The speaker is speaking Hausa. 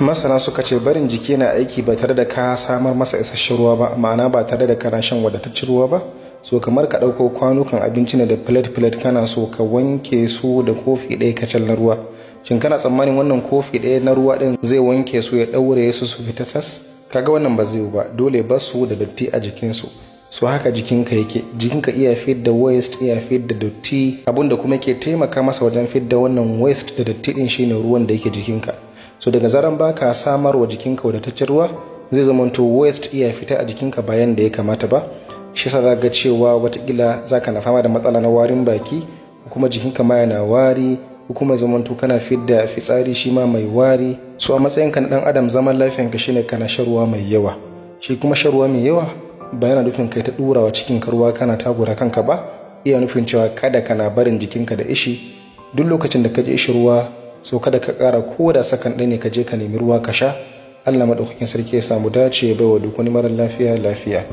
masana suka ce barin jiki na aiki ba tare da ka samar masa isasshen ruwa ba ma'ana ba tare da kana shan wadataccen ruwa ba so kamar ka ɗauko kwanukan abinci ne da plate plate kana so ka wanke su da kofi ɗaya kacal na ruwa shin kana tsammanin wannan kofi ɗaya na ruwa ɗin zai wanke su ya ɗaure su su fita tas kaga wannan ba zai ba dole ba su da datti a jikinsu so haka jikinka yake jikinka iya fit da waste iya fit da dotti abinda kuma ke taimaka masa wajen fit da wannan waste da datti ɗin shine ruwan da yake jikinka so daga zaran ba ka samarwa jikinka wadataccen ruwa zai zamanto waste iya fita a jikinka bayan da ya kamata ba shi sa za ga cewa watakila za ka na fama da matsala na warin baki kuma jikinka ma yana wari kuma zamanto kana fidda fitsari shi ma mai wari so a matsayinka na dan adam zaman lafiyanka shine kana sharuwa mai yawa shi kuma sharuwa mai yawa ba yana nufin kai ta durawa cikin karuwa kana tagura kanka ba iya nufin cewa kada kana barin jikinka da ishi duk lokacin da ka ji ishi ruwa so kada ka kara ko da sakan ɗaya ne ka je ka nemi ruwa ka sha Allah maɗaukakin sarki ya samu dace ya baiwa duk wani mara lafiya lafiya